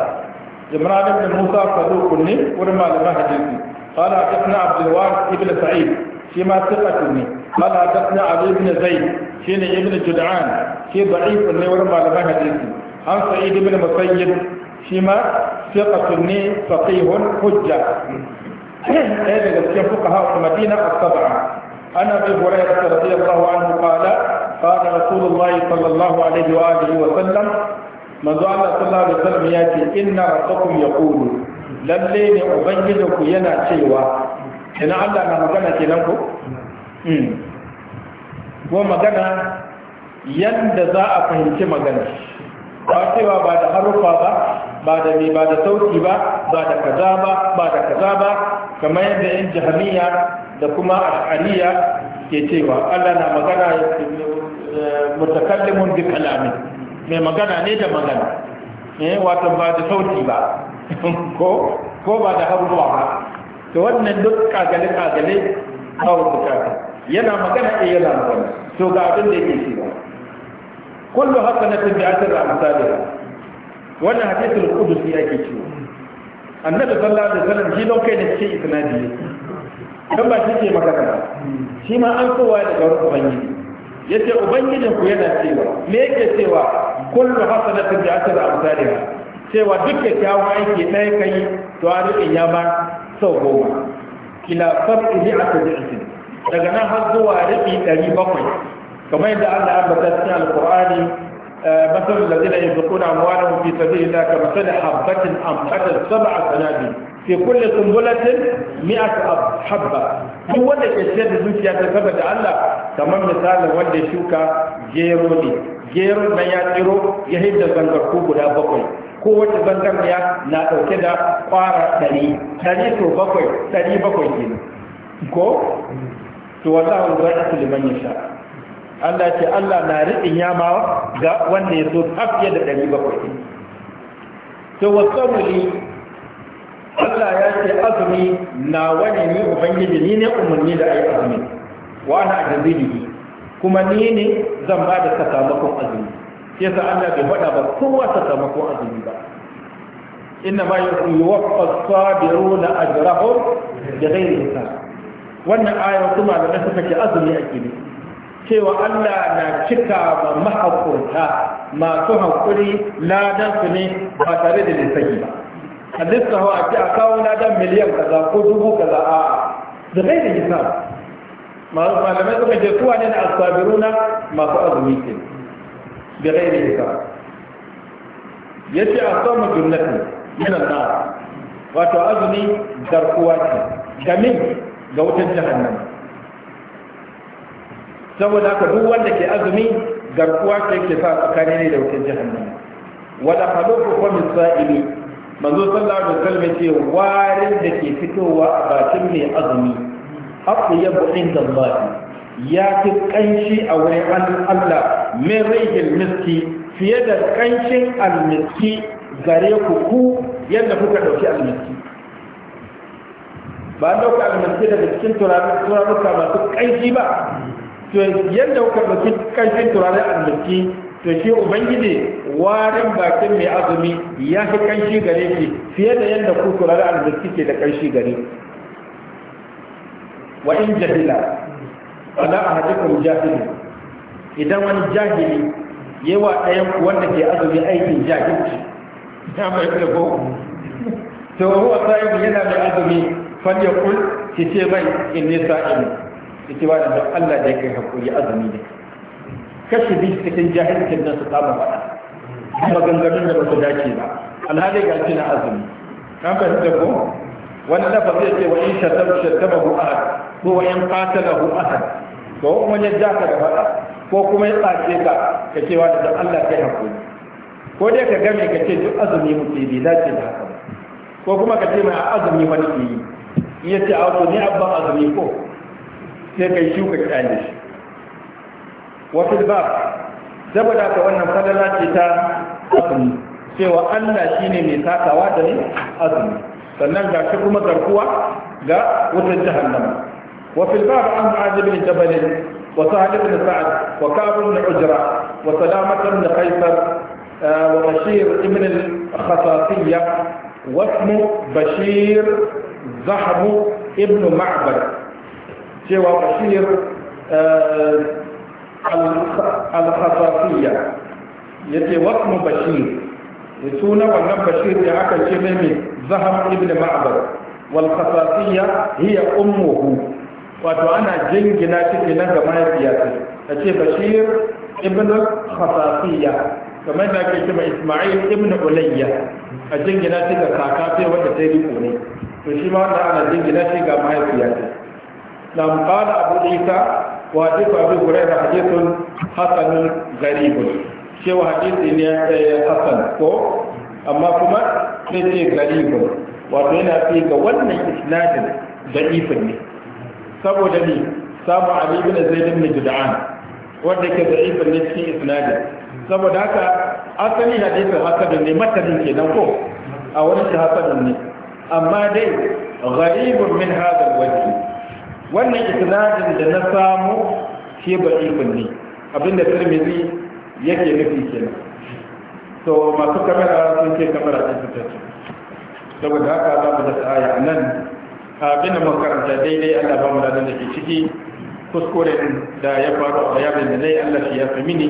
Imranin da musa saduq ne wurin malaman hadisi قال حدثنا عبد الوارث ابن سعيد shi ma sirratu ne قال حدثنا علي بن زيد شين Shi ba a yi ne wurin malaman hadisi an sa'i da ibn musayyib shi ma ثقة فقيه حجة ɗaya daga cikin fuka hawa madina a saba ana bai horai da sarfi allahu an hukala fada rasulullahi sallallahu alaihi wa alihi wa sallam manzo allah sallallahu alaihi wa sallam ya ce inna rabbakum yaqulu lalle ne ubangijin ku yana cewa ina Allah na magana kenan ko hmm. ko magana yadda za a fahimci magana ba cewa ba da harufa ba ba da ba da sauki ba ba da kaza ba ba da kaza ba kamar yadda yin jihamiya, da kuma al'ariya ke cewa Allah na magana eh, mutakallimun bi kalami mai magana ne da magana eh wato ba da sauti ba *laughs* ko ko ba da harufa ba to wannan duk kagale kagale wasu bukata yana magana eh yana magana to ga abin da yake cewa kullu a bi da amsalha wannan hadithul qudusi ake ciwo. annabi sallallahu alaihi wasallam shi don kai ne ce isnadi dan ba shi ke magana shi ma an kowa daga wurin ubangiji yace ubangijin ku yana cewa me yake cewa kullu hasanatin bi asr amsalha cewa duk kyakkyawan aiki ɗaya kai to a rikin ya ba sau goma ila sab'i mi'ati dirham daga nan har zuwa rabi bakwai. kamar yadda Allah ya bata cikin alqur'ani مثل الذين ينفقون أموالهم في سبيل الله كمثل حبة أنبتت سبع سنابل في كل سنبلة مئة حبة duk wanda ke ciyar da zuciya ta da Allah kamar misalin wanda shuka gero ne gero na ya tsiro ya hidda zangarku guda bakwai kowace zangarniya na ɗauke da ƙwara ɗari ɗari to bakwai ɗari bakwai kenan ko to wallahu zai liman sha. Allah ce Allah na riɗin yama ga wanda ya so tafiye da ɗari bakwai to wasawuli Allah ya ce azumi na wani ni ubangiji ni ne umarni da ayi azumi wa ana ajabili kuma ni ne zan ba da sakamakon azumi shi yasa Allah bai faɗa ba kowa sakamako azumi ba inna ma yuwaffa as-sabiruna ajrahum bi ghairi hisab wannan ayar kuma da suka ce azumi ake ne cewa Allah na cika ma mahaƙurta masu haƙuri ladan su ne ba tare da lissafi ba a lissafa a ce a kawo ladan miliyan kaza ko dubu kaza a da zai ghairi hisab malamai suka ce suwa ne na asabiruna masu azumi ke da ghairi hisab yace asamu jannatu min an-nar wato azumi garkuwa ce gamin ga wutar jahannama saboda haka duk wanda ke azumi garkuwa ce ke sa tsakani da wutar jahannama wala halufu fa min sa'ili manzo sallallahu alaihi wasallam ce da ke fitowa a bakin mai azumi haqqu yabu ya fi ƙanshi a wurin Allah mai raihin miski fiye da ƙanshin almiski gare ku ku yadda kuka ɗauki almiski ba an ɗauka almiski daga cikin turaruka masu ƙanshi ba to yadda kuka ɗauki ƙanshin turarun almiski to shi ubangiji warin bakin mai azumi ya fi ƙanshi gare shi fiye da yadda ku turarun almiski ke da ƙanshi gare wa in jahila ala ahadikum jahili idan wani jahili yawa ɗayan wanda ke azumi aikin jahilci ya mai da ko to huwa sa'im yana mai azumi fal yaqul ki ce mai inni sa'im ki ce wani Allah da kai hakuri azumi ne kashi bi cikin jahilcin nan su kama faɗa maganganun da ba su dace ba alhali ga shi na azumi kan fahimta ko wani lafa zai ce wa in shatab shatabahu ahad ko wa in qatalahu ahad to kuma ya ja ka da ko kuma ya tsace ka ka ce wa da Allah kai hakuri ko dai ka game ka ce duk azumi bi da ce da haka ko kuma ka ce mai azumi wani ke yi in ya ce auto ni abban azumi ko sai kai shuka kyale shi da ba saboda ka wannan fadala ce ta azumi cewa Allah shine mai takawa da ni azumi sannan ga shi kuma garkuwa ga wutar jahannama وفي الباب عن معاذ بن جبل وسهل بن سعد وكعب بن عجرة وسلامة بن قيصر آه، وبشير بن الخصاصية واسم بشير زحم ابن معبد سوى بشير آه، الخصاصية يتي واسم بشير يسونا ونم بشير يعكس شميمي زحم ابن معبد والخصاصية هي أمه wato ana jingina ciki nan ga mahaifiya ta ce bashir ibn khasafiya kamar da ake kima ismail ibn ulayya a jingina shi ga kaka sai wanda sai riko ne to shi ma wanda ana jingina shi ga mahaifiya ta lam qala abu isa wa duka bi hurairah hadithun hasanun garibun cewa hadisi ne eh, hasan ko amma kuma sai ce garibun wato yana fi ga wannan isnadin da ifin ne saboda ne samu ali ibn zaid ibn jud'an wanda ke da ifin na cikin isnadin saboda haka asali hadisin hasadun ne ke kenan ko a wani shi hasadun ne amma dai gharibun min hadal wajhi wannan isnadin da na samu shi ba ifin ne abinda tirmidhi yake nufi kenan to masu kamera sun ce kamera ɗin fitacce saboda haka za mu da aya nan abin da makaranta daidai Allah ba mu da da ke ciki kuskure da ya faru a bayanin da nayi Allah shi ya sami mini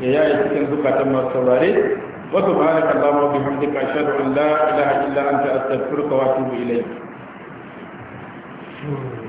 ya yayi cikin zukatan masu saurare wa subhanaka allahumma wa bihamdika ashhadu an la ilaha illa anta astaghfiruka wa atubu ilayk